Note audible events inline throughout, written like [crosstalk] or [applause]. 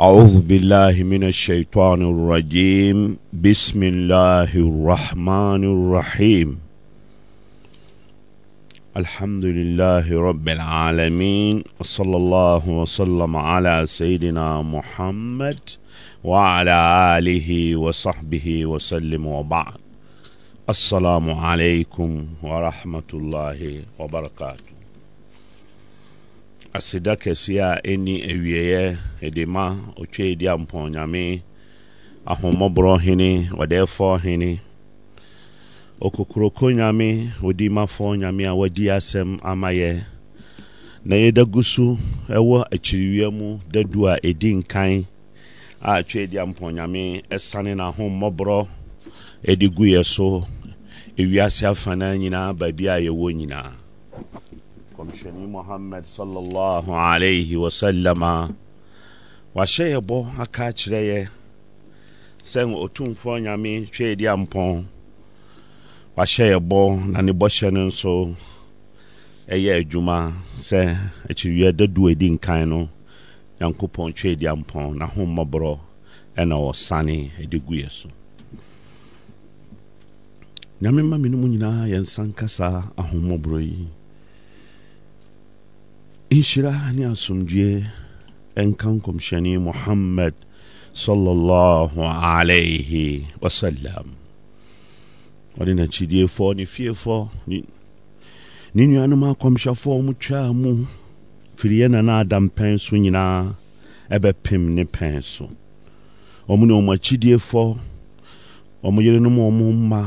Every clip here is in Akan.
أعوذ بالله من الشيطان الرجيم بسم الله الرحمن الرحيم الحمد لله رب العالمين وصلى الله وسلم على سيدنا محمد وعلى آله وصحبه وسلم وبعد السلام عليكم ورحمة الله وبركاته aseda kɛseɛ a ɛni awieɛ ɛde ma ɔtwa edi ampɔnyame ahomɔborɔ hene ɔdɛɛfɔ hene okokoroko nyame odimafɔ nyame a wadi asɛm amayɛ na yɛda gu so ɛwɔ akyiriwia mu dadu a ɛdi nkan a twa edi ampɔnyame ɛsane n'ahommɔborɔ ɛde gu yɛ so ewiase afanan nyinaa baabi a yɛwɔ nyinaa kɔmhyɛni mohammad sallallahu alaihi wasallam a wahyɛ yɛ bɔ aka kyerɛ yɛ sɛ ɔtumfoɔ nyame twɛɛdi ampɔn wahyɛ yɛ bɔ na ne bɔhyɛ no nso ɛyɛ adwuma sɛ akyiriwia da du adi nkan no nyankopɔn twɛɛdi ampɔn n'ahommɔborɔ ɛna ɔsane ɛde yɛ so nyame ma menom nyinaa yɛnsa nkasa ahommɔborɔ yi nhyira ne asomdwoeɛ ɛnka nkɔmhyɛne muhammad sallallahu alaihi wasallam ɔde n'akyidiefoɔ ne fiefoɔ ne nuanom akɔmhyɛfoɔ mu twaa mu firi yɛ nana adampɛn so nyinaa ɛbɛpem ne pɛn so ɔmo ne ɔmo akyidiefoɔ ɔmo yerenom ɔmo mma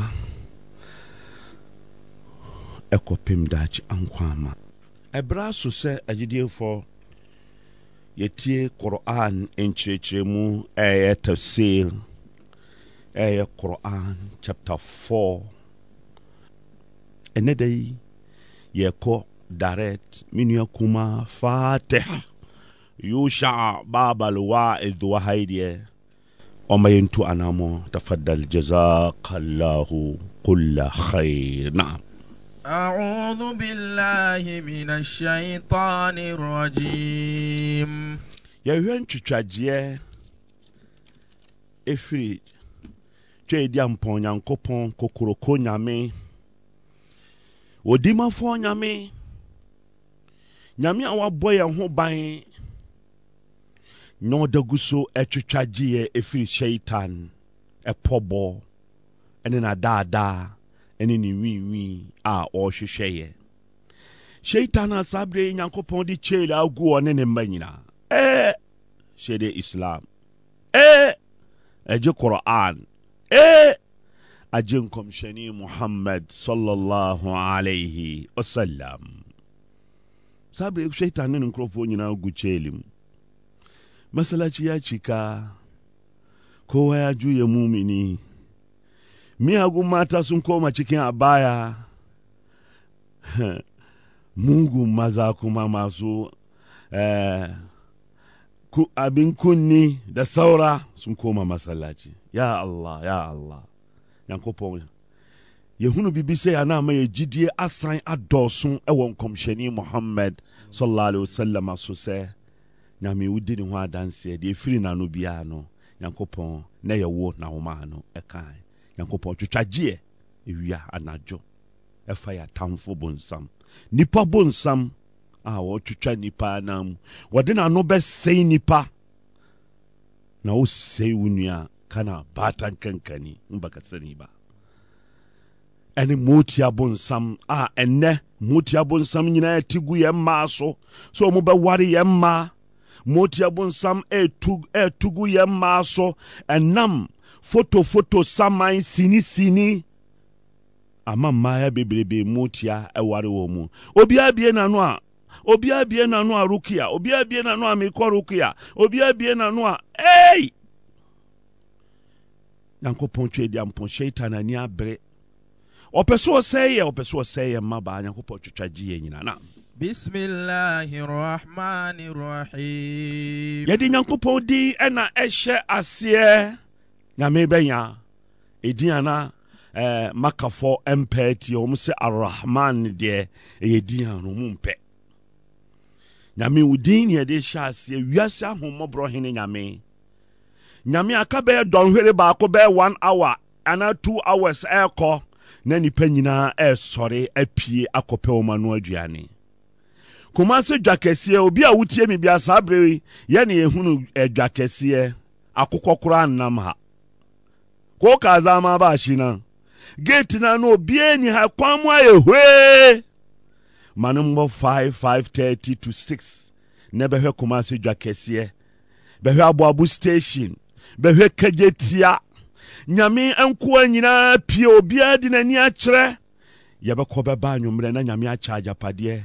ɛkɔpem daakye ankwama ɛberɛ aso sɛ agyidiefoɔ yɛtie koran nkyerɛkyerɛmu ɛyɛ tafsir ɛyɛ koran chapter 4 ɛnɛ ye yi yɛkɔ direct me nua kuma fatiha yusha babal wa'id wahaideɛ ɔma yɛntu anammɔ tafaddal jazakallahu kulla khair na'am أعوذ بالله من الشيطان الرجيم yɛhwɛ ntwitwadeɛ ɛfiri twaadi ampɔn nyankopɔn kokoroko nyame odimafoɔ nyame nyame a wabɔ yɛn ho ban na ɔda gu so ɛtwitwagyeɛ ɛfiri shaitan ɛpɔbɔ ɛne ɛne ne winwin a ɔrehwehwɛeɛ sheitan a saa berɛ yi nyankopɔn de kyele agu ɔne ne mma nyinaa ɛɛ hyɛde islam ɛɛ ɛgye qur'an ɛɛ e, agye nkɔmhyɛne muhammad sallallahu alaihi wasallam Sabre berɛ sheitan ne ne nkurɔfoɔ nyinaa gu kyele mu masalachi ya chika kowa ya juya mumini miyagun mata sun koma cikin abaya [laughs] mugun maza kuma masu eh, abin kunni da saura sun koma masallaci ya Allah ya Allah yankopɔn yɛhunu biribi sɛ yɛana ya yɛgyidie asan adɔɔso ɛwɔ nkɔmhyɛni mohammed sallallahu alaihi wasallam so sɛ nyame wodi ne ho adanseɛ deɛ ɛfiri n'ano biara no nyankopɔn na yɛwo n'ahoma no ɛkae nyankopɔn twitwagyeɛ ewia anadwo ɛfa yɛ atamfo bonsam nipa bonsam a wɔtwitwa nipa anam wɔde n'ano bɛsɛe nipa na wosɛe wo nua kana baata nkankani mbakasani ba ɛne mootia bonsam a ɛnnɛ mootia bonsam nyinaa ɛti gu yɛn mmaa so sɛ ɔmo bɛware yɛn mmaa mootia bonsam ɛtu gu yɛn mmaa so ɛnam fotofoto saman sinisini ama mmaaya bebrebe mu tia ɛware wɔ mu obiara bie n'ano a obiara bie n'ano a rukia obiara bie n'ano a mekɔ rukia obiara bie n'ano a ei nyankopɔn twɛ di ampɔn shaitan ani abere ɔpɛ so ɔsɛe yɛ ɔpɛ so ɔsɛe yɛ mmabaa nyankopɔn twitwa gye yɛ nyina na bismillahirrahmanirrahim yɛde nyankopɔn din ɛna ɛhyɛ aseɛ nyame bɛnya ɛdin ana eh, makafo mpɛ atie ɔm sɛ arrahman ne deɛ ɛyɛ din a no mpɛ nyame wo din ne yɛde hyɛ aseɛ wiase ahommɔborɔ hene nyame nyame aka bɛyɛ dɔnhwere baako bɛyɛ one hour anaa two hours ɛɛkɔ na nnipa nyinaa ɛɛsɔre apie akɔpɛ ɔma no aduane kuma sɛ dwakɛseɛ obi a wotie bia saa yɛhunu eh, akokɔ koraa nnam ha ko kaza ama ba shi na gate na no bie ni ha kwan mu ayɛ hwee ma no mmɔ 5 530 to 6 na bɛhwɛ kɔma so dwa kɛseɛ bɛhwɛ aboabo station bɛhwɛ kagye tia nyame nkoa nyinaa pie obiara de n'ani akyerɛ yɛbɛkɔ bɛba anwummerɛ na nyame akyɛ agyapadeɛ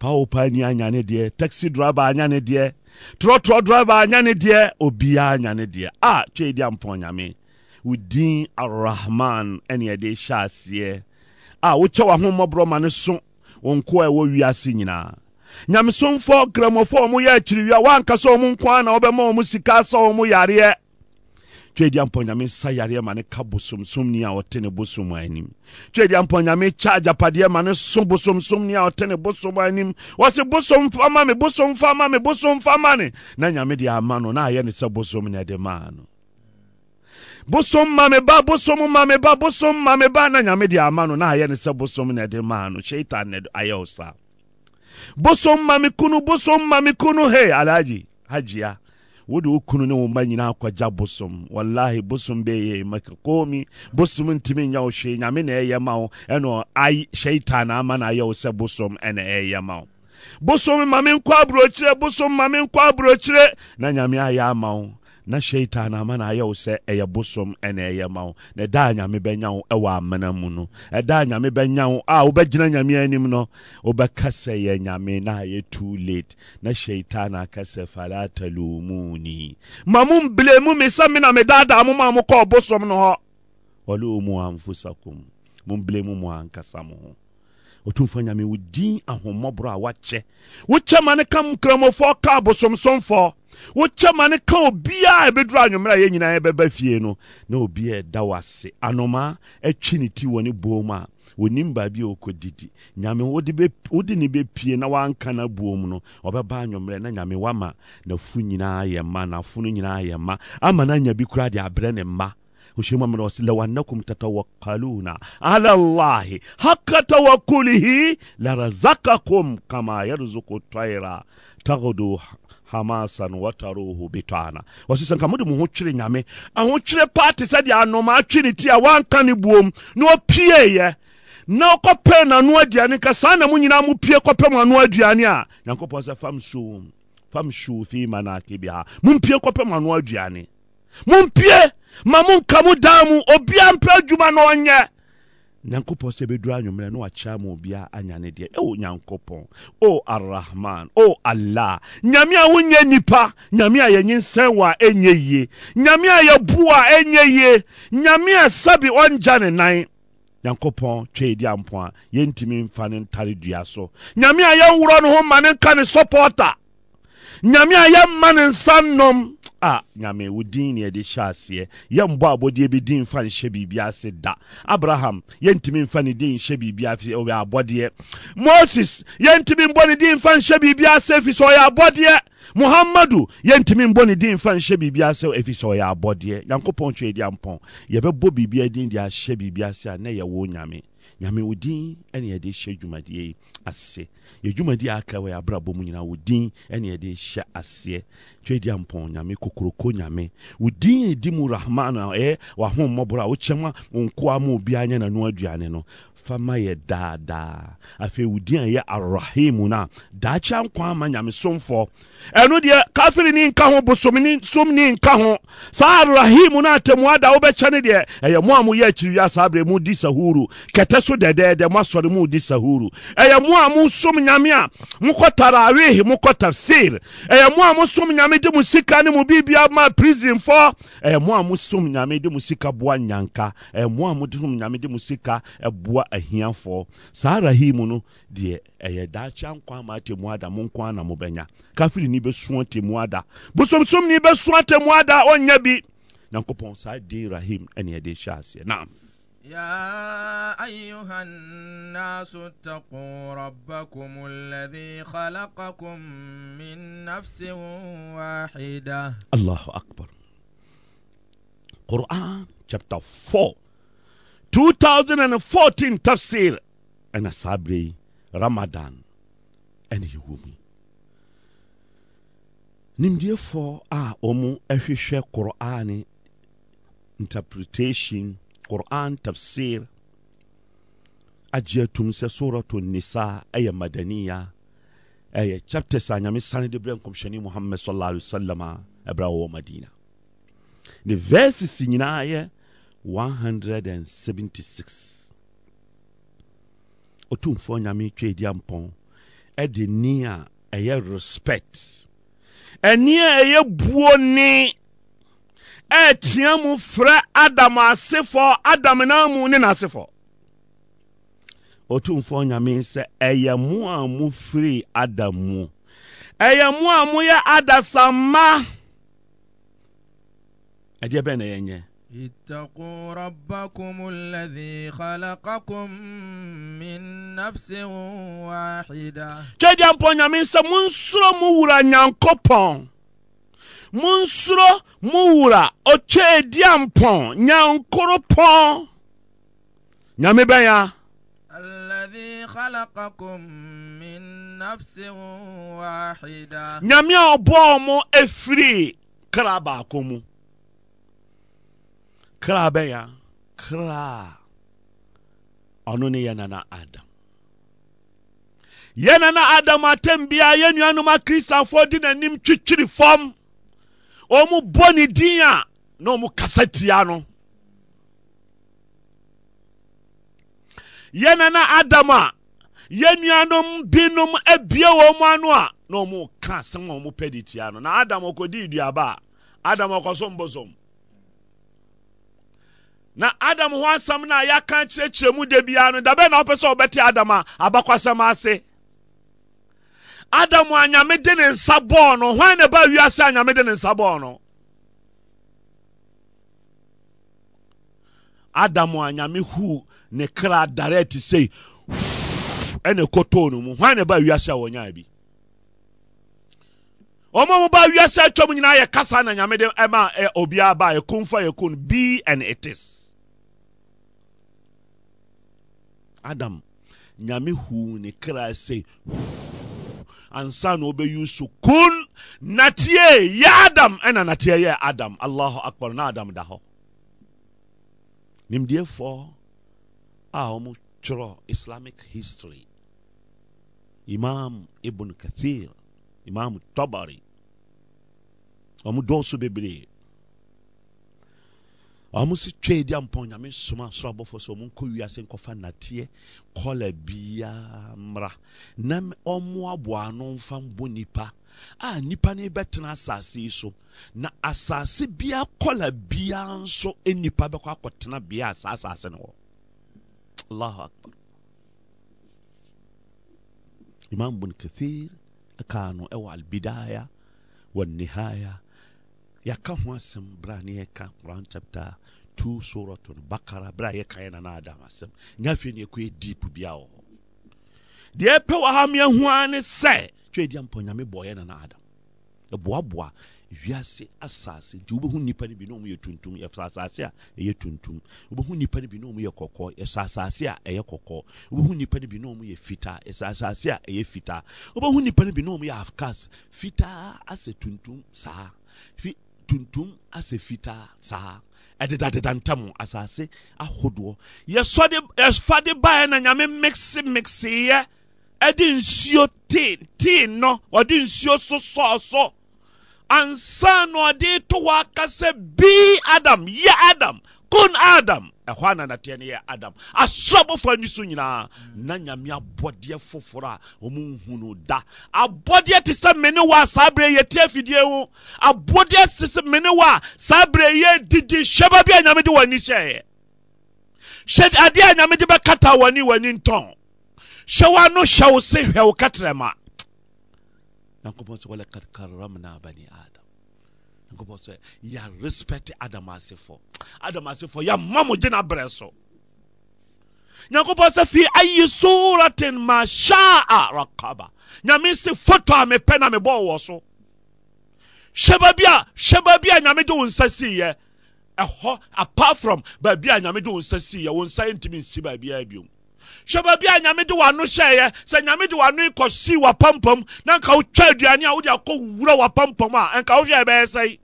pawopa ni anya ne deɛ taxi driver anya ne deɛ trɔtrɔ driver anya ne deɛ obiara anya ne deɛ a twɛ di ampɔn nyame wo din arrahman ɛne ɛde hyɛ aseɛ a wokyɛ w'ahommɔborɔ ma ne so wo nko a ɛwɔ wiase nyinaa nyamesomfo kramofo a ɔmoyɛ akyiriwia woanka sɛ ɔmo nko a na wobɛma ɔ mo sika sɛ ɔ mo yareɛ twɛdi ampɔ nyame sa yareɛ ma ne ka bosomsomni a ɔte ne bosom anim twɛdi ampɔ nyame kyɛ agyapadeɛ ma ne so bosomsomni a ɔte ne bosom anim wɔse bosom fa ma me bosom fa ma me bosom fa ma ne na nyame deɛ ama no na ayɛ ne sɛ bosom ne ɛde maa no bosom ma ba bosom ma ba bosom ma ba na nyame de ama no na ayɛ ne sɛ bosom na ɛde maa no shaitan na ayɛ wo saa bosom ma me kunu bosom ma me kunu he alaji hajia wode wo kunu ne wo mma nyinaa akɔgya bosom wallahi bosom bɛyɛ maka komi bosom ntimi nyɛ wo hwee nyame na ɛyɛ ma wo ɛna ai shaitan ama na ayɛ wo sɛ bosom ɛna ɛyɛ ma wo bosom ma me nkɔ aburokyire bosom ma me nkɔ aburokyire na nyame ayɛ ama wo na shaitan ama na ayɛ wo sɛ ɛyɛ bosom ɛna ɛyɛ ma wo na ɛda a nyame bɛnya wo ɛwɔ amana mu no ɛda a nyame bɛnya wo a wobɛgyina nyame anim no wobɛka sɛ yɛ nyame na ayɛ too late na shaitan aka sɛ fala talumuni ma mombile mu me sɛ me na medaadaa mo ma mokɔɔ bosom no hɔ wɔle ɔmu anfusakum mombile mu mo ankasa mo ho ɔtumfo nyame wo din ahommɔborɔ a wakyɛ wokyɛ ma ne ka nkramɔfoɔ ka abosomsomfoɔ wokyɛ ma ne ka obiaa ɛbɛduru anwommerɛ a yɛn nyinaa yɛbɛba fie no na obiaa ɛda wo ase anomaa atwi ne ti wɔ ne boom a onim baabi a ɔkɔdidi nyame wode ne bɛpie na woanka no abuom no ɔbɛba anwommerɛ na nyame wama nafu nyinaa yɛ ma nafo no nyinaa yɛ ma ama no anya bi koraa de abrɛ ne mma ushema mnawasila waannakum tatawakkaluna ala llahi haka tawakulihi larazakakum kama yarzuku taira tagudu hamasan wataruhu bitana wasisanka mode mo nyame ahokyere paate sɛdeɛ anɔma atwe ne ti a wanka ne buom na ɔpieeɛ na ɔkɔpɛ n'ano aduane ka na mo nyinaa pie kɔpɛ mo ano aduane a nyankopɔn sɛ fam suu fam suu fi manakibiha mompie aduane mompie ma monka mo dan mu obiaa mpɛ adwuma na ɔnyɛ nyankopɔn sɛ bɛduru anwummerɛ na wakyea ma obiaa anya ne deɛ ɛwɔ nyankopɔn o arrahman o allah nyame a wonyɛ nipa, nyame a yɛnyinsɛn wɔ a ɛnyɛ yie nyame a yɛbu a ɛnyɛ yie nyame a sɛbe ɔngya ne nan nyankopɔn twei di ampo a yɛntumi mfa ne ntare dua so nyame a yɛnworɔ no ho ma ne nka ne sɔpɔɔta nyame a yɛmma ne nsa nnom a nyame wo din ne yɛde hyɛ aseɛ yɛmbɔ abɔdeɛ bi din mfa nhyɛ biribi ase da abraham yɛntumi mfa ne din nhyɛ biribi ase ɔyɛ abɔdeɛ moses yɛntumi mbɔ ne din mfa nhyɛ biribi ase ɛfiri sɛ ɔyɛ abɔdeɛ muhammadu yɛntumi mbɔ ne din mfa nhyɛ biribi ase ɛfiri sɛ ɔyɛ abɔdeɛ nyankopɔn twɛ adi ampɔn yɛbɛbɔ biribi din de ahyɛ biribi ase a na yɛwo nyame nyame wo din ɛne yɛde hyɛ dwumadeɛ yi ase yɛ dwumadeɛ aka wɔ yɛabrabɔ mu nyinaa wo din ɛne yɛde hyɛ aseɛ twɛdi ampɔn nyame kokoroko nyame wo din edi mu rahman a ɛyɛ wahommɔborɔ a wokyɛ ma wo nkoa ma obiaa nyɛ nano aduane no fa ma yɛ daadaa afei wo din a ɛyɛ arrahimu no a daakya nkwa ama nyamesomfoɔ ɛno deɛ kafiri nka ho bosomni somni nka ho saa arrahimu no atammuada wobɛkyɛ ne deɛ ɛyɛ mo a moyɛ akyiriwia saa berɛ mu di sahuru kɛtɛ so so dɛdɛɛdɛ moasɔre mu di sahuru ɛyɛ mo a mosom nyame a mokɔ tarawih mokɔ tafsir ɛyɛ mo a mosom nyame de mo sika ne mo biribia ma prisonfoɔ ɛyɛ mo a mosom nyame de mo sika boa nyanka ɛyɛ mo a mosom nyame de mo sika boa ahiafoɔ saa rahim no deɛ ɛyɛ daakye nkwa ma atemu ada mo nko ana mobɛnya kafiri ni bɛsua atemu ada bosomsom ni bɛsua atemu ada ɔnyɛ bi nyankopɔn saa din rahim ɛne ɛde hyɛ aseɛ naam يا أيها الناس اتقوا ربكم الذي خلقكم من نفس واحدة الله أكبر قرآن chapter 4 2014 تفسير أنا صابري رمضان أنا يومي نمدي فو آ أمو أفشي قرآن interpretation قرآن تفسير agyeatum sɛ suratu nisa ɛyɛ madaniya ɛyɛ chapters a nyame sane de berɛ nkɔmhyɛne muhammad sala ali wasalam a ɛbrɛ wɔwɔ madina ne verses nyinaa yɛ 176 ɔtumfoɔ nyame twa di ampɔn ɛde ni a ɛyɛ respect ɛni a ɛyɛ buo ne ɛɛteɛ mu frɛ adam asefoɔ adam na mu ne n'asefoɔ ɔtumfoɔ nyame sɛ ɛyɛ mo a mo firi adam mu ɛyɛ mo a moyɛ adasamma ɛdeɛ bɛn na yɛnyɛ اتقوا ربكم الذي خلقكم من نفس واحدة. Kyɛ deɛ mpɔ nyame sɛ monsoro mo wura monsuro mo wura ɔtwa edi ampɔn nyankoro pɔn nyame bɛya. الذي خلقكم من نفس واحدة nyame a ɔbɔɔ efiri kra baako mu kra bɛya kra ɔno ne nana adam yɛ nana adam atɛm biara yɛ nuanom akristafoɔ di n'anim twitwiri fam ɔmu bɔ ne din a na ɔmu kasa tia no yɛn nana Adamu a yɛn nuanom binom abie wɔn ano a na ɔmu ka asɛm a ɔmu pɛ de tia no na adam ɔkɔdi duaba a adam ɔkɔsɔm bosom na Adamu ho asɛm na a yɛaka kyerɛkyerɛ mu da biara no dabɛ na ɔpɛ sɛ ɔbɛte adam a abakɔsɛm ase adam a nyame de ne nsa bɔɔ no hwan na ɛba wiase a nyame de ne nsa bɔɔ no adam a nyame ne kra direct sei ɛna ɛkɔtɔɔ no mu hwan na ɛba wiase a wɔnyaa bi ɔmo mo ba wiase atwam nyinaa yɛ kasa na nyame de ɛma ɛ obiara ba yɛkomfa yɛko no be and it is adam nyame huu ne kra sei ansa na wobɛyi so kun nateɛ yɛ adam ɛna nateɛ yɛ adam allahu akbar na adam da hɔ nimdeɛfoɔ a ɔmo twerɛ islamic history imam ibn kathir imam tabari ɔmo dɔɔso bebree ɔmo si twɛ di a nyame soma soro abɔfo so ɔmo nkɔ wiase nkɔfa nateɛ kɔla bia mra na ɔmo abo ano mfa mbɔ nipa a nipa no bɛtena asase yi so na asase bia kɔla bia nso e nipa bɛkɔ akɔtena bea saa asase no wɔ allahu akbar imam bun kathir ɛkaa e no ɛwɔ e albidaya wannihaya yaka ho asɛm bra ne yɛka quran chapter 2 surat no bakara bra yɛka yɛ nana adam asɛm nyɛ afei ne yɛkɔ yɛ deep bia wɔ hɔ deɛ ɛpɛ wɔ ha meaho e e a ne sɛ twɛ di ampɔ nyame bɔɔyɛ nana adam ɛboaboa wiase asase nti wobɛhu nnipa no bi ne ɔmu yɛ tuntum yɛfa e asase a ɛyɛ tuntum wobɛhu nnipa no bi ne ɔmu yɛ kɔkɔɔ yɛsɛ asase a ɛyɛ kɔkɔɔ wobɛhu nnipa no bi ne ɔmu yɛ fitaa yɛsɛ asase a ɛyɛ fitaa wobɛhu nnipa no bi ne ɔmu yɛ afkas fitaa asɛ tuntum saa fi tuntum asɛfitaa saa ɛdedadedantam asase ahodoɔ ɛfade baɛ na yame mikse miksieɛ ɛde nsuo te no ɔde nsuo sososo ansa na ade towaa ka sɛ bi adam yɛ adam kon adam ɛhɔ ananateɛ no yɛ adam asɔbɔfoɔ ani so nyinaa na nyame abɔdeɛ foforɔ a ɔmo nhunu da abɔdeɛ te sɛ mene wɔ a saa berɛ yɛte afidie ho abɔdeɛ te sɛ mene wɔ a saa berɛ yɛ didi hyɛba bi a nyame de w'ani hyɛeɛ hyɛ adeɛ a nyame de bɛkata w'ani w'ani ntɔn hyɛ wa no hyɛ wo se hwɛ wo katrɛma nyankopɔn sɛ walakad karamna bani adam nkɔmɔ sɛ yà respect adamasefo adamasefo yà mma mo gyina abɛrɛ so nyankopɔn sɛ fi ayi suratin ma rakaba nyame se foto a mepɛ na mebɔɔ wɔ so hyɛ baabi a hyɛ baabi a nyame de wo nsa siiɛ ɛhɔ apart from baabi a nyame de wo nsa siiɛ wo nsa ntumi nsi baabiaa baabi a nyame de w'ano hyɛeɛ sɛ nyame de w'ano kɔsii w'apampam na nka wotwa aduane a wode akɔ wura w'apampam a ɛnka wohwɛ ɛbɛyɛ sɛe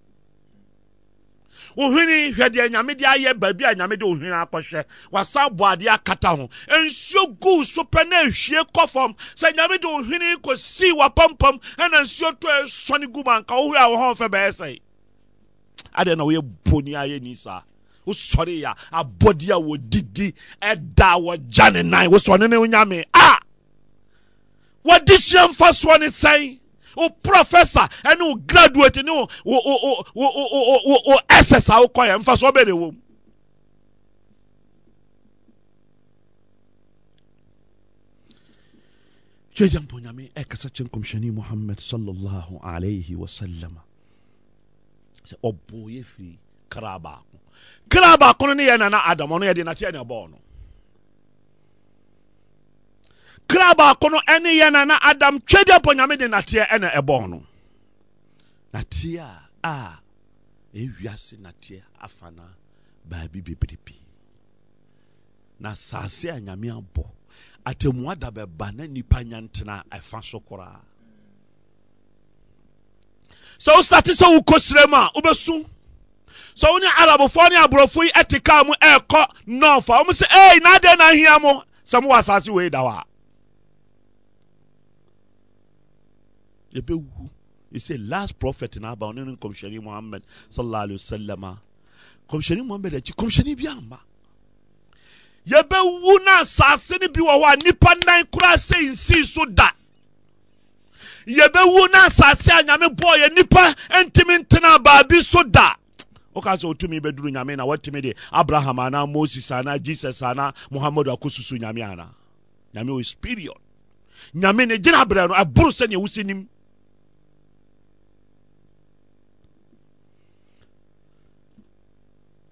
ohini hwɛ deɛ nyame de ayɛ baabi a nyame de ohini wasa bɔ adeɛ akata ho nsuo guu so pɛ na ehwie kɔ fam sɛ nyame de ohini kɔsii wapampam ɛna nsuo tɔ esɔne gu ma nka ohuri a wɔn fɛ bɛyɛ sɛ adeɛ na wɔyɛ boni ayɛ ni saa wosɔre ya abɔde a wɔdidi ɛda wɔgya ne nan wosɔre ne nyame a wɔde hyia mfa soɔ ne sɛn. wo professor ɛne wo graduate ne wo wo wo wo ss a wokɔyɛ mfa so ɔbɛ ne wɔ mu twagya mpo nyame ɛkasa kyɛ nkɔmhyɛne mohammad sallallahu alaihi wasallam sɛ ɔbɔɔ yɛ firi kra baako kra baako no ne yɛ nana adam ɔno yɛde nakyeɛ ne ɛbɔɔ no kra baako no ɛne yɛ na na adam twɛdeɛ pɔ nyame de nateɛ ɛna ɛbɔɔ no nateɛ a a e ɛwiase nateɛ afa na baabi bebrebe na saase a nyame abɔ atemmu ada bɛba na nnipa nyantena ɛfa so koraa sɛ wo sate sɛ wokɔ sire mu a wobɛsu sɛ wo ne arabfoɔ ne aborɔfo yi ɛte kar mu ɛɛkɔ nɔfa wɔm sɛ ei na adɛn na ahia mo sɛ mowɔ asase wei da wa. a yɛbɛwu ɛsɛ last prophet no aba ɔne no nkɔmhyɛne mohammed sallallahu alaihi wasallam a kɔmhyɛne mohammed akyi kɔmhyɛne bi amma yɛbɛwu no asase no bi wɔ hɔ a nnipa nan koraa sɛ nsii so da yɛbɛwu no asase a nyame bɔɔ yɛ nnipa ntimi ntena baabi so da woka sɛ wotumi bɛduru nyame na watumi de abraham anaa moses anaa jesus anaa mohamado akɔsusu nyame ana. nyame o oh, is period nyame ne gyina berɛ no ɛboro sɛnea wosi nim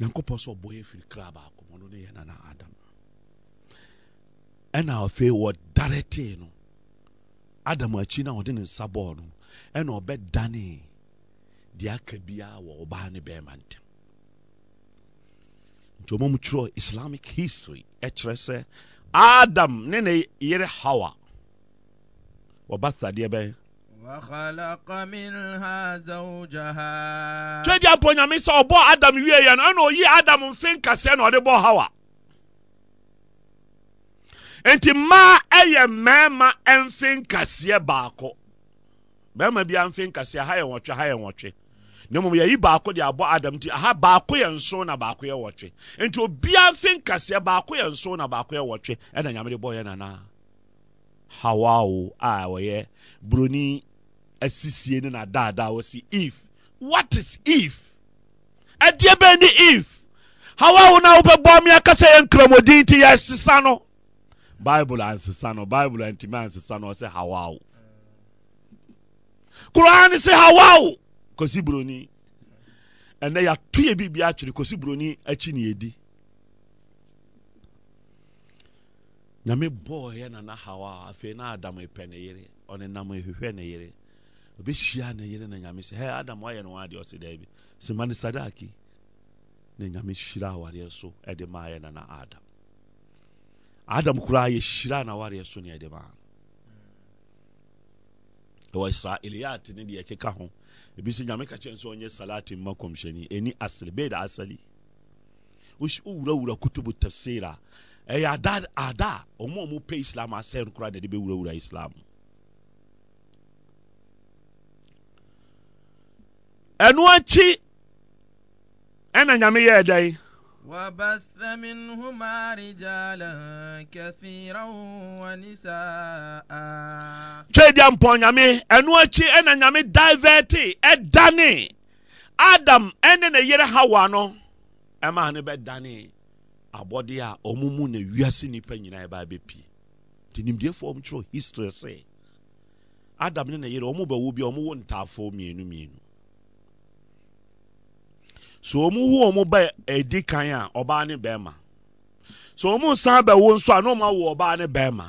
nyankopɔn sɛ ɔbɔ yɛ firi kra baako mu ɔno ne yɛ nana adam ɛna afei wɔdaretee no adam akyi no a ɔde ne nsa bɔɔ no ɛna ɔbɛdanee deɛ aka biara wɔ ɔbaa ne bɛrima ntam nti ɔma mu twerɛ islamic history ɛkyerɛ sɛ adam ne ne yere hawa wɔba sadeɛ bɛn وخلق منها زوجها twedi apɔ nyame sɛ ɔbɔɔ adam wieɛ no ɛna na hawa mmarima baako mmarima ha yɛ ha yɛ wɔtwe na yɛyi baako de abɔ adam nti aha baako yɛ nso na baako yɛ wɔtwe Nti obiara mfe nkaseɛ baako yɛ nso na baako yɛ wɔtwe ɛna Hawa o a wɔyɛ buroni asisie ne nadaadaa wɔ si if what is if ɛdeɛ bɛn ne if hawa wo na wobɛbɔ me akasa yɛ nkramodin nti yɛsesa no bible ansesa no bible antimi ansesa no ɔsɛ hawa wo koraa ne sɛ hawa wo kɔsi buroni ɛnɛ yɛato yɛ biribia atwere kɔsi buroni akyi ne yɛdi nyame bɔɔ yɛ nana hawa afei na adamu pɛ ne yere ɔne nam ɛhwehwɛ ne yere ɔbɛhyia ne yere na nyame sɛ hɛ adam woayɛ no waadeɛ ɔse daa bi sɛ ma sadaki ne nyame hyira awareɛ so ɛde maayɛ na adam adam kura koraa yɛhyira na awareɛ so ne ɛde maa ɛwɔ israeliyat ne deɛ ɛkeka ho ebi sɛ nyame ka kyɛn sɛ ɔnyɛ salate mma kɔmhyɛni ɛni asere bɛɛ da asali wowurawura kutubu tafsira a ɛyɛ ada ada ɔmo a ɔmo pɛ islam asɛn koraa de de bɛwurawura islam ɛno akyi ɛna nyame yɛɛ dɛn وبث منهما رجالا كثيرا ونساء twedi ampɔ nyame ɛno akyi ɛna nyame divɛte Edani, adam ɛne na yere hawa no ɛma ne bɛdane na wiase nipa nyinaa ɛba bɛpie nti nimdeɛfoɔ ɔmo kyerɛ history sɛ adam bi so wɔn wo wɔn ba edi kan a ɔbaa ne bɛrima so wɔn san bɛwo nso a na wɔn awo ɔbaa ne bɛrima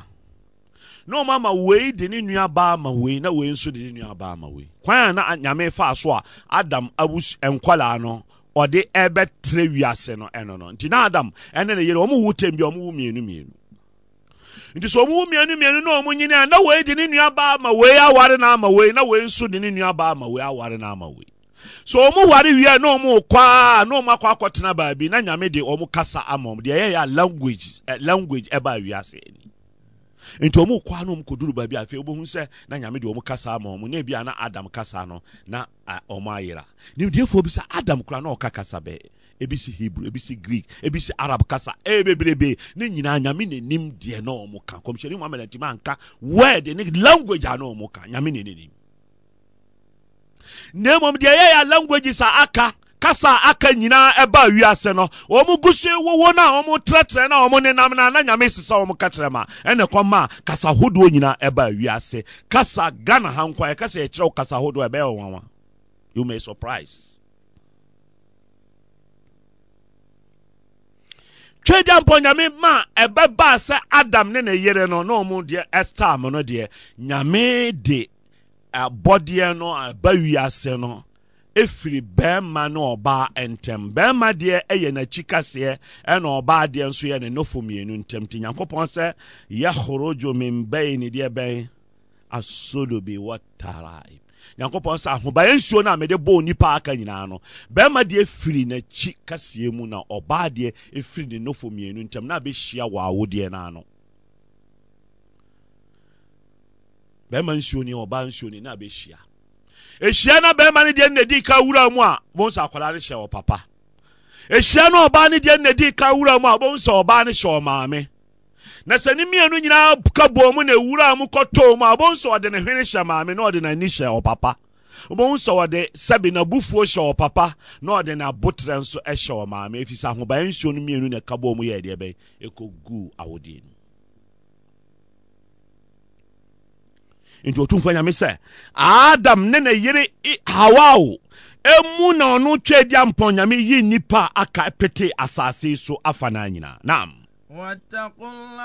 na wɔn ama wei de ne nua baa ma wei na wei nso de ne nua baa ma wei kwan a na nyame fa so a adam abus nkwalaa no ɔde ɛbɛtere wiase no ɛno no nti na adam ɛne ne yere wɔn wu tɛm bi wɔn wu mmienu mmienu nti sɛ ɔmo wu mmienu mmienu na ɔmo nyini a na wei de ne nua baa ma wei aware na ama wei na wei nso de ne nua baa ma wei aware na ama wei so wɔn wari wie na wɔn kɔ a na wɔn akɔ akɔtena baabi na nyame de wɔn kasa ama wɔn deɛ ɛyɛ a language ɛ eh, language ɛba ase. ani nti wɔn kɔ a na wɔn kɔduru baabi afei wɔbɛhu sɛ na nyame de wɔn kasa ama wɔn na ebi a na adam kasa no na wɔn ayera nimdiefoɔ bi sɛ adam kora na ɔka kasa bɛɛ ebi si hebrew ebi si greek ebi si arab kasa ɛyɛ bebrebe ne nyinaa nyame n'anim deɛ na wɔn ka kɔmpiɛni muhammed ati ma nka word ne language a na wɔn ka nyame n'anim na mmom deɛ ɛyɛ ya languages a aka kasa aka nyinaa ɛba wiase no wɔn gu so wowo na a wɔn trɛtrɛ na a wɔn nenam na na nyame sisa wɔn ka kyerɛ ma ɛna ɛkɔm a kasa ahodoɔ nyinaa ɛba wiase kasa ghana ha nkwa kasa yɛkyerɛ wo kasa ahodoɔ ɛbɛyɛ wɔn wa you may surprise. twɛdi mpɔ nyame ma ɛbɛbaa sɛ adam ne ne yere no na wɔn deɛ ɛsta mo no deɛ nyame de abɔdeɛ no aba wiase no efiri bɛrima ne ɔbaa ntɛm bɛrima deɛ ɛyɛ n'akyi kaseɛ ɛna ɔbaa deɛ nso yɛ ne nofo mmienu ntɛm te nyankopɔn sɛ yɛhorojo min bɛyini deɛ bɛn asodobi wɔtarae nyankopɔn sɛ ahobayɛ nsuo no a mede bɔɔ nipa aka nyinaa no bɛrima deɛ firi n'akyi kaseɛ mu na ɔbaa deɛ efiri ne nofo mmienu ntɛm na bɛhyia wɔ awodeɛ no ano bɛrima nsuo ni ɔbaa nsuo ni na abɛhyia ehyia na bɛrima no deɛ nnadi ka wura mu a wɔn nso akwadaa no hyɛ ɔpapa ehyia na ɔbaa no deɛ nnadi ka wura mu a wɔn nso ɔbaa no hyɛ ɔmaame na sɛ ne mmienu nyinaa ka bɔn mu na ewura mu kɔtɔɔ mu a wɔn nso ɔde ne hwene hyɛ maame na ɔde n'ani hyɛ ɔpapa wɔn nso ɔde sɛbi na bufuo hyɛ ɔpapa na ɔde n'abotrɛ nso hyɛ ɔmaame efisɛ ahoban nsuo no mmienu na ɛka bɔn mu yɛ ɛdeɛ gu awodeɛ nti ɔtumfoɔ nyame sɛ adam ne ne yere hawao ɛmu na ɔno twa adi mpɔ nyame yi nnipa aka pete asase so afa no nyinaa nam واتقوا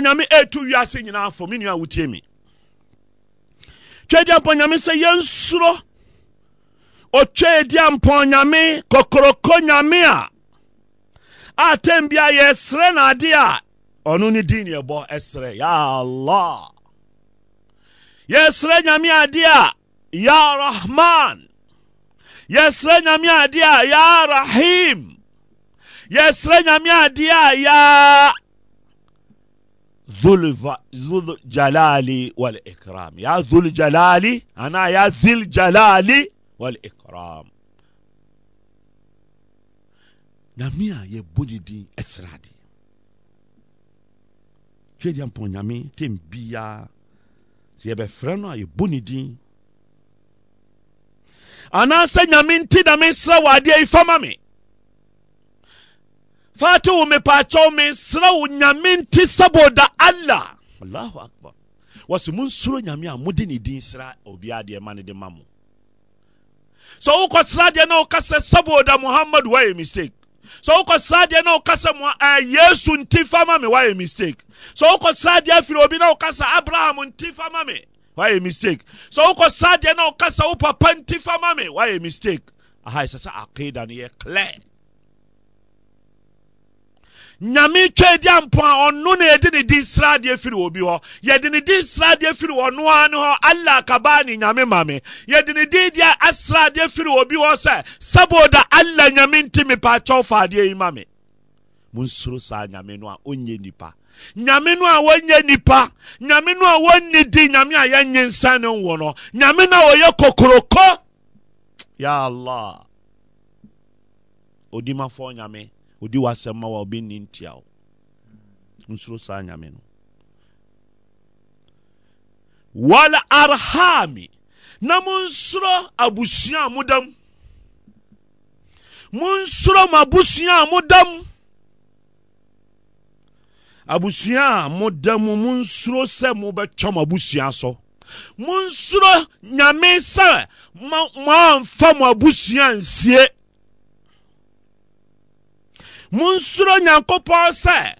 nyame ɛtu wiase nyinaa fo me nua wotie mi twɛdi ampɔ nyame sɛ yɛnsuro ɔtwɛdi ampɔ nyame kɔkorɔkɔ nyame a ata yesrnada nunidinib esr llah sr rahma s ahim sr jai k ujai ujalali wikram nyame a yɛbɔ ne din ɛsrɛ ade hwɛ deɛ mpɔ nyame tem biaa sɛ yɛbɛfrɛ no a yɛbɔ ne din anaasɛ nyame nti na mesrɛ wɔ adeɛ yi me fate wo mepaakyɛw mesrɛ wo nyame nti saboda allah allahu akbar wɔsɛ monsuro nyame a mode ne din sra obiaa deɛ ma no de ma mo sɛ wokɔsra deɛ na woka sɛ saboda muhammad woayɛ mistake sɛ wokɔ saa na wokasa mu eh, a yesu nti fa ma me woayɛ mistake sɛ wokɔ saa deɛ afiri obi na wokasa abraham nti fa ma me woayɛ mistake sɛ wokɔ saa na wokasa wo papa nti fa ma me wayɛ mistake aha ɛsɛ sɛ akida no yɛ clear nyame twa di ampo a ɔno na yɛde ne din sra adeɛ firi wɔ bi hɔ yɛde ne din sra firi wɔ no ara ne hɔ allah kabaa ne nyame ma me yɛde ne din deɛ asra firi wɔ bi hɔ sɛ saboda allah nyame nti mepakyɛw fa adeɛ yi ma me monsuro saa nyame no a ɔnyɛ nipa nyame no a wɔnyɛ nipa nyame no a wɔnni di nyame a yɛnye nsa ne nwo no nyame no a wɔyɛ kokoroko ya allah odimafoɔ nyame odi w'asɛm ma wa obi nni ntia wo nsoro saa nyame no wal arhami na monsoro abusua a modam monsoro mo abusua a modam abusua a moda mu sɛ mobɛtwa mo abusua so monsuro nyame sɛ moamfa mo abusua nsie monsuro nyankopɔn sɛ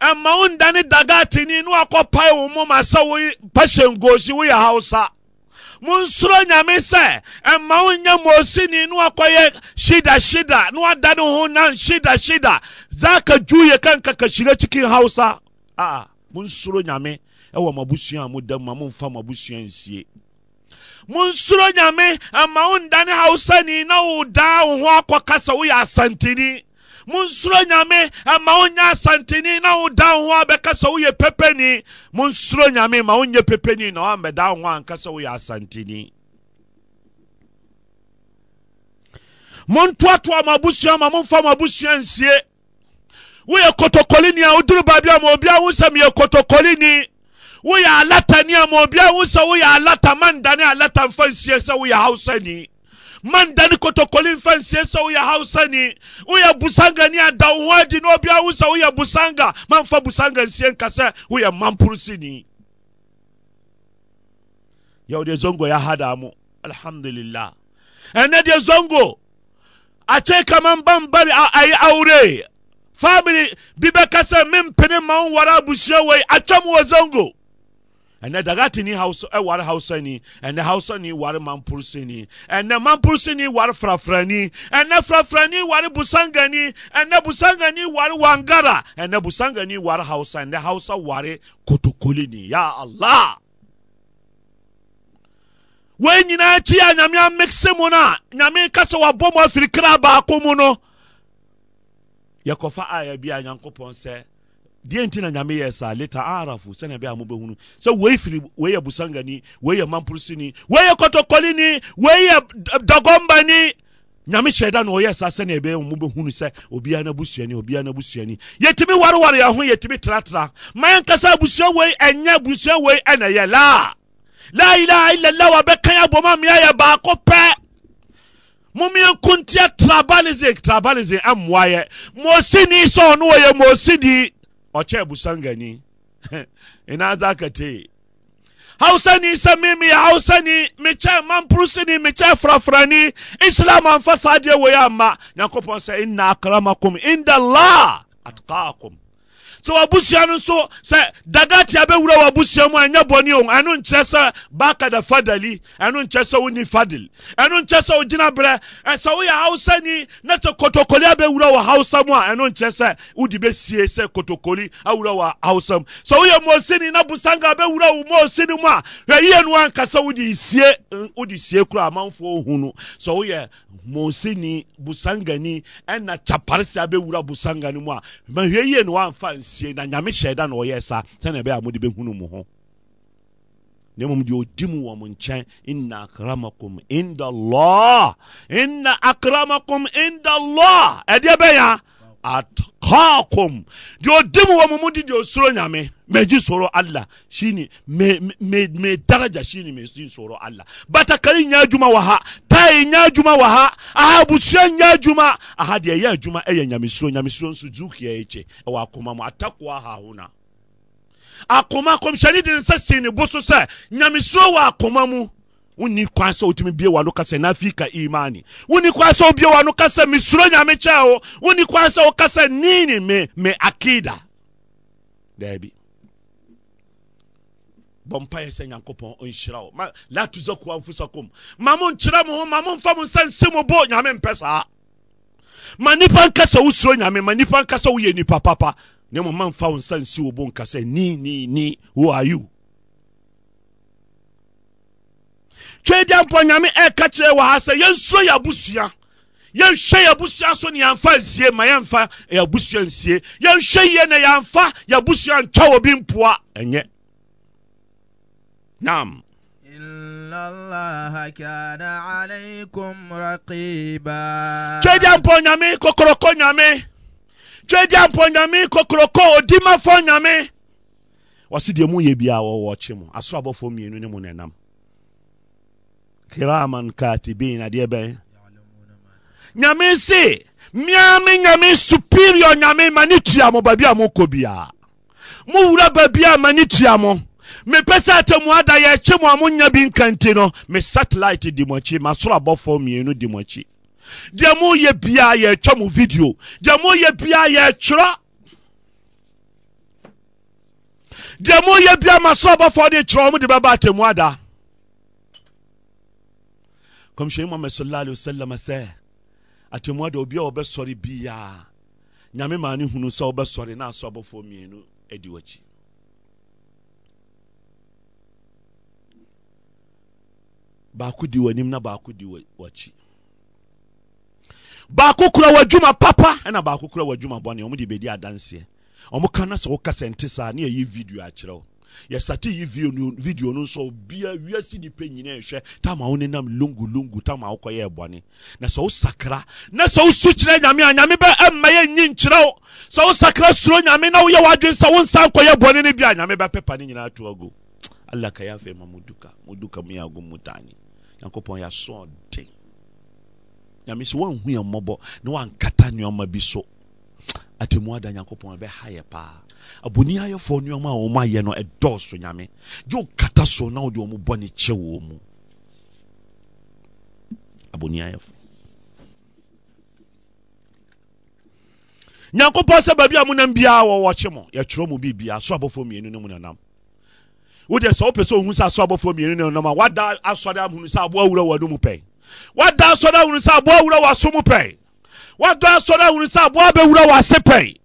ɛma wo ndane dagateni ne wakɔpae wo moma sɛ wo pahyɛngosi woyɛ hausa monsuro nyame sɛ ɛma wo nyɛ mosini ne wakɔyɛ shidashida ne wadane ho nan shidashida zaka juye kanka kahyira cikin hausa aa monsuro nyame ɛwɔ mo abusua a moda mu a momfa mo abusua nsie monsuro nyame ɛma wo ndane hausa ni na wo daa wo ho akɔka sɛ woyɛ asanteni monsuro nyame ama wonyɛ asanteni na woda wo ho abɛka sɛ woyɛ pepɛni monsuro nyame ma wonyɛ pepɛni na woambɛda wo ho anka sɛ woyɛ asanteni montoatoa mo abusua ma momfa mo abusua nsie woyɛ kotokolini a woduru baabi a ma obia wo sɛ meyɛ kotokolini woyɛ alatani a ma obia wo sɛ woyɛ alata mandane alata mfa nsie sɛ woyɛ hausani man dani kotokolin fɛn sen sa u hausa ni busanga ni a da u waji n'o bi hausa u ya busanga man busanga sen kasɛ u ya mampurusi ni yau de zongo ya hada mu alhamdulillah ɛnɛ de zongo a kama kaman ban aure family bi bɛ kasɛ min pini man wara busiya wai a wa zongo ɛnɛ dagatini hausa ɛware eh, hausani ɛnɛ hausani ware mampurusini ɛnɛ mampurusini ware farafrani ɛnɛ farafrani ware busangani ɛnɛ busangani ware wangara ɛnɛ busangani ware hausa ɛnɛ hausa ware kotokolini ya allah wei nyinaa akyi a nyame amikse mu no a nyame ka sɛ wabɔ mu afiri kra baako mu no yɛkɔfa aya bi a nyankopɔn sɛ deɛ nti na nyame yɛ saa leta arafo sɛnea bɛa mobɛhunu sɛ wei firi wei yɛ busangani wei yɛ mamporosini wei yɛ kɔtɔkɔlini wei yɛ dɔgɔmbani nyame hyɛ da na ɔyɛ saa sɛnea ɛbɛyɛ mobɛhunu sɛ obiara no abusuani obiara no abusuani yɛtumi wareware yɛ ho yɛtumi tratra ma yɛnkasa abusua wei ɛnyɛ abusua wei ɛna yɛ laa la ilaha illallah wabɛkan aboma mmea yɛ baako pɛ momeɛnko ntia tribalism tribalism ɛmmoa yɛ mosini sɛ ɔno wɔyɛ mosini ɔcɛ busagani [laughs] ina dza kate hausani samemiya hausani mecɛ maprusini mecɛ frafrani islam anfa sadweyima yakup s inna akramakum indallah atkakum sɛ wabusua no nso sɛ dagati abɛwura wɔ abusua mu a ɛnyɛ bɔne o ɛno nkyerɛ sɛ bakada fadali ɛno nkyerɛ sɛ wonni fadil ɛno nkyerɛ sɛ wogyina berɛ sɛ woyɛ hausani na sɛ kotokoli abɛwura wɔ hausa mu a ɛno nkyerɛ sɛ wode bɛsie sɛ kotokoli awura wɔ hausa mu sɛ woyɛ mosini na busanga abɛwura wo mosini mu a hwɛyie no ankasa wode sie eh, wode sie kora amanfoɔ hu no sɛ woyɛ mosini busangani ɛna kyaparese abɛwura busangani mu a mahwɛ yie no woamfa nsi sie na nyame hyɛ da na ɔyɛ saa sɛnea ɛbɛyɛ a mode bɛhunu mu ho na mmom deɛ ɔdi mu wɔ mo nkyɛn inna akramakum indallah inna akramakum law ɛdeɛ bɛyɛ atɔ alhakum deɛ ɔdi mu wɔ mo mu di deɛ ɔsoro nyame meji soro allah shini me me me daraja shini me sin soro allah bata kari nya juma wa ha tai nya juma wa ha aha busua nya juma aha deɛ yɛ juma ɛyɛ nyame soro nyame soro nso zukiya ɛkyɛ ɛwɔ akoma mu atakwa ha akoma kɔmhyɛne de nsa si ne bo so sɛ nyame wɔ akoma mu wonni kwan sɛ wotumi bie wano ka sɛ nafika imani wonni kwan sɛ wobie wano ka sɛ mesuro nyame kyɛ wo wonni kwan sɛ woka sɛ nini me me akida daabi bɔ mpayɛ sɛ nyankopɔn ɔnhyira wo la tuzaku anfusakum ma mo nkyerɛ mo ho ma mo mfa mo nsa nsi mo bo nyame mpɛ saa ma nipa nka sɛ wosuro nyame ma nipa nka sɛ woyɛ nipa papa ne mo ma mfa wo nsa nsi wo bo nka sɛ ni ni ni who are you twedeɛ mpɔ nyame ɛka kyerɛ wɔ ha sɛ yɛnsuo yɛ abusua yɛnhwɛ yɛ abusua so ne yɛmfa nsie ma yɛmfa yɛ abusua nsie yɛnhwɛ yie na yɛmfa yɛ ntwa wɔ bi mpoa ɛnyɛ nam twedeɛ mpɔ nyame kokoroko nyame twedeɛ mpɔ nyame kokoroko odimafɔ nyame wɔse deɛ mu yɛ biaa wɔwɔ kye mu aso abɔfoɔ mmienu ne mu ne kiraman katibin adeɛ bɛn nyame se meame nyame superior nyame ma ne tua mo baabi a mokɔ biaa mowura baabi a ma ne tua mo mepɛ sɛ atamu ada yɛakye mo a monya bi nka no me satellite di mo akyi masoro abɔfoɔ mmienu di mo akyi deɛ moyɛ biaa yɛatwa mo video deɛ moyɛ biaa yɛatwerɛ deɛ moyɛ biaa masoro abɔfoɔ de kyerɛ mo de bɛba atamu ada kɔmhyɛni muhammad sallallahu alaihi wasallam sɛ atemmua de obi a wɔbɛsɔre biaa nyame maa ne hunu sɛ wobɛsɔre na asɔ abɔfoɔ mienu edi w'akyi baako di w'anim na baako di w'akyi baako kura w'adwuma papa ɛna baako kura w'adwuma bɔne ɔmo de bɛdi adanseɛ ɔmo ka na sɛ woka sɛ nte saa ne yɛyi video akyerɛ yɛsate yi video no nso obia wiase nipa nyina ɛhwɛ tama wo lungu lungu tama wokɔyɛ bɔne na sɛ wo sakra na sɛ wo kyerɛ nyame a nyame bɛ ɛmma yɛnyi nkyerɛ wo sɛ wo sakra suro nyame na woyɛ w'adwen sɛ wo nsa nkɔyɛ bɔne no bia a nyame bɛpepa ne nyinaa to ago allah ka yɛafei ma moduka muduka mu yɛago mutane nyankopɔn yɛasoɔden nyame sɛ woanhu yɛ mmɔbɔ na woankata nneɔma bi so atemu ada nyankopɔn ɛbɛha yɛ paa aboni ayɛfoɔ nneɔma a wɔn ayɛ no ɛdɔɔso nyame gye wokata so na wode wɔn bɔ ne kyɛ wɔ mu aboni ayɛfoɔ nyankopɔn sɛ baabi a monam biara wɔwɔkye mo yɛtwerɛ mu biribia so abɔfoɔ mmienu no mu nanam wode sɛ wopɛ sɛ ohu sɛ aso abɔfoɔ mmienu no nam a wada asɔre ahunu sɛ aboa wura wɔ no mu pɛi wada asɔre ahunu sɛ aboa wura wɔ aso mu pɛi wadɔ asɔre ahunu sɛ aboa bɛwura wɔ ase pɛn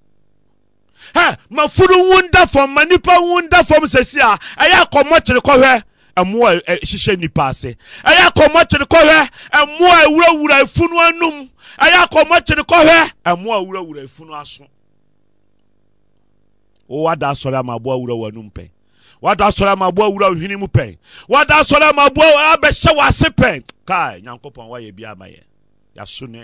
hɛ mafunu wu nda fam ma nipa wu nda fam sɛsi a ɛyɛ akɔmɔkyere kɔhwɛ ɛmoa ɛhyehyɛ nipa ase ɛyɛ akɔmɔkyere kɔhwɛ ɛmoa ɛwurawura efunu anum ɛyɛ akɔmɔkyere kɔhwɛ ɛmoa ɛwurawura efunu aso wɔwɔ ada asɔre ama aboa wura wɔn anum pɛn wada asɔre ama aboa wura ohini mu pɛn wada asɔre ama aboa abɛhyɛ wɔ ase pɛn kaa nyankopɔn wayɛ bi ama yɛ yaso na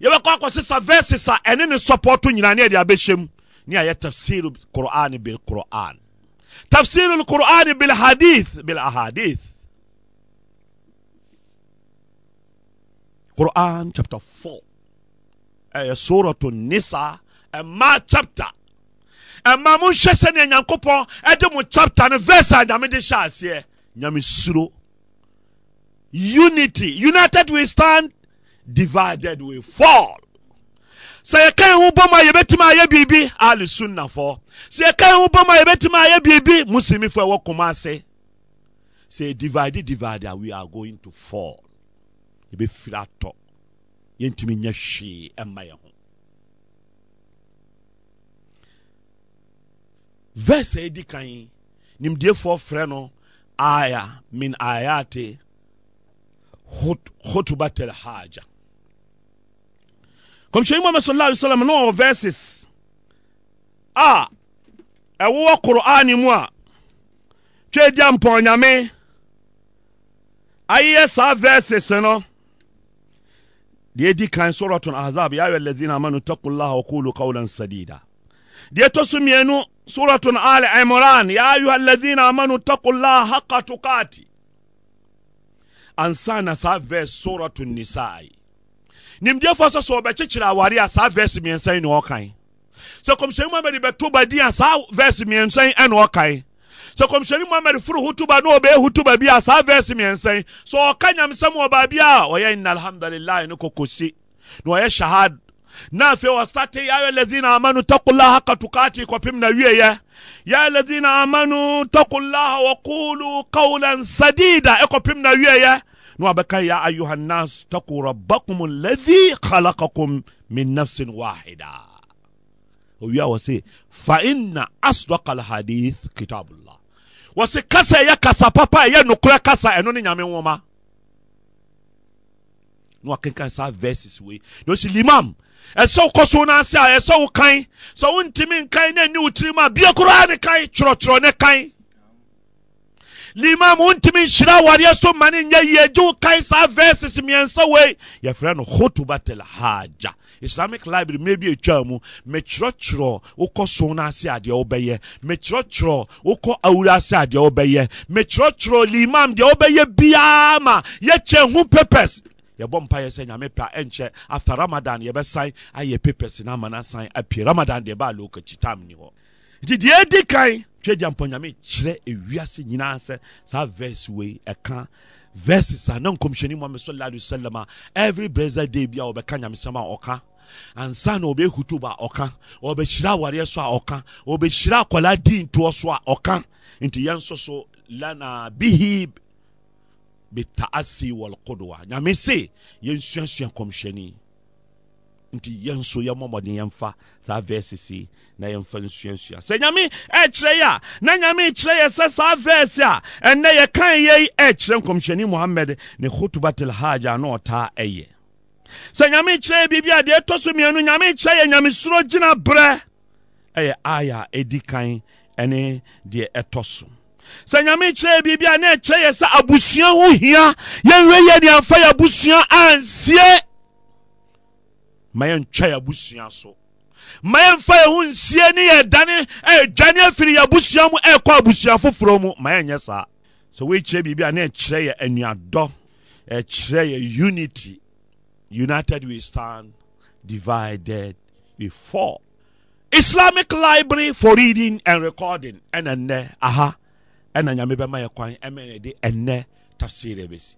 yɛbɛkɔ akɔsesa verses a ɛne ne sɔpɔto nyinaa ne yɛde abɛhyɛ mu ne ayɛ tafsir quran bil quran tafsiru quran bil hadith bil ahadith quran chapter 4 ɛyɛ suratu nisa ɛma chapter ɛma monhwɛ sɛnea nyankopɔn ɛde mo chapter no verse a nyame de hyɛ aseɛ nyame suro unity united we stand divided will fall sɛ yɛka yɛn ho bɔ mu a yɛbɛtumi ayɛ biribi alisunnafoɔ sɛ yɛka yɛn ho bɔ mu a yɛbɛtumi ayɛ biribi muslimifoɔ ɛwɔ kɔn ase sɛ divide divide we are going to fall yɛbɛfiri atɔ yɛntumi nyɛ hwee ɛma yɛn ho verse a ɛdi kan nimdiefoɔ frɛ no aya min ayate hot, hotubatel haja kɔmhyɛni muhammad sallallahu alaihi wasallam ne wɔ verses a ɛwowɔ qur'an mu a twedia nyame ayɛ saa verses no deɛ di kan suratun ahzab ya ayuha allazina amanu taqullaha wa qulu qawlan sadida deɛ ɛtɔ so mmienu suratun al imran ya ayuha allazina amanu taqullaha haqa tukati ansa na saa vers suratun nisa'i nimdefoɔ sɛ sɛ wɔbɛkyekyere aware a saa verse mmiɛnsa yi na ɔkan sɛ kɔmhyɛni muhammad bɛto ba din a saa verse mmiɛnsa yi ɛna ɔkan sɛ kɔmhyɛni muhammad foro hutuba na ɔbɛyɛ hutuba bi a saa verse mmiɛnsa yi sɛ ɔka nyamesɛm wɔ baabi a ɔyɛ inna alhamdulilahi no kɔkɔsi na ɔyɛ shahad na afei wɔsate ya ayɔ lazina amanu takullaha haka tukati kɔpem na wieɛ ya lazina amanu takullaha wa qulu qawlan sadida ɛkɔpem na wieɛ na wabɛka ya ayuhannas taku rabbakum alladhi khalaqakum min nafsin wahida owia wɔ se fa inna asdaq alhadith kitabullah wɔ se kasa ɛyɛ kasa papa ɛyɛ nokorɛ kasa ɛno ne nyame nwoma na wakenkan saa verses wei na ɔsi limam ɛsɛ wokɔ so no a ɛsɛ kan sɛ wontimi nkan na ɛni wo tirim ne kan twerɔtwerɔ ne kan limamu ntumi nhyira awareɛ so ma ne nyɛ yie gye wo kae saa verses mmiɛnsa wei yɛfrɛ no hotubatel haja islamic library mmere bi atwa mu mekyerɛkyerɛ wokɔ so no ase adeɛ wobɛyɛ mekyerɛkyerɛ wokɔ awura ase adeɛ wobɛyɛ mekyerɛkyerɛ limam deɛ wobɛyɛ biara ma yɛkyɛ ho papers yɛbɔ mpa sɛ nyame pɛ a ɛnkyɛ after ramadan yɛbɛsan ayɛ papers no ama no asan apie ramadan deɛ ɛbaa lokaci ni hɔ nti deɛ ɛdi kan twadwa mpɔnyame kyerɛ ewiase nyinaa sɛ saa verse wei ɛka verses a na nkɔmhyɛni muhammed sallallahu alaihi wasallam a every blessed day bi a wɔbɛka nyamesɛm a ɔka ansa na ɔbɛhutu ba ɔka ɔbɛhyira awareɛ so a ɔka ɔbɛhyira akwadaa di ntoɔ so a ɔka nti yɛn nso so lana bihi bitaasi wɔl kodoa nyame se yɛnsuasua nkɔmhyɛni nti yɛn nso yɛ mmɔmɔden yɛmfa saa verses yi na yɛmfa nsuasua sɛ nyame ɛkyerɛ yɛ a na nyame kyerɛ yɛ sɛ saa verse a ɛnnɛ yɛkan yɛ yi ɛkyerɛ nkɔmhyɛni mohammed ne hotubatel haja na ɔtaa ɛyɛ sɛ nyame kyerɛ yɛ biribi a deɛ ɛtɔ so mmienu nyame kyerɛ yɛ nyamesuro gyina berɛ ɛyɛ aya a ɛdi kan ɛne deɛ ɛtɔ so sɛ nyame kyerɛ biribi a na ɛkyerɛ yɛ sɛ abusua ho hia yɛnhwɛ yɛ neamfa yɛ abusua ansie ma yɛntwa yɛ so ma yɛmfa yɛ ho nsie ne yɛ dane ɛdwane afiri yɛ abusua mu ɛkɔ abusua foforɔ mu ma yɛnyɛ saa sɛ woekyerɛ biribi a na ɛkyerɛ yɛ anuadɔ ɛkyerɛ yɛ unity united we stand divided we fall islamic library for reading and recording ɛna nnɛ aha ɛna nyame bɛma yɛ kwan ɛma yɛde ɛnnɛ tafsir bɛsi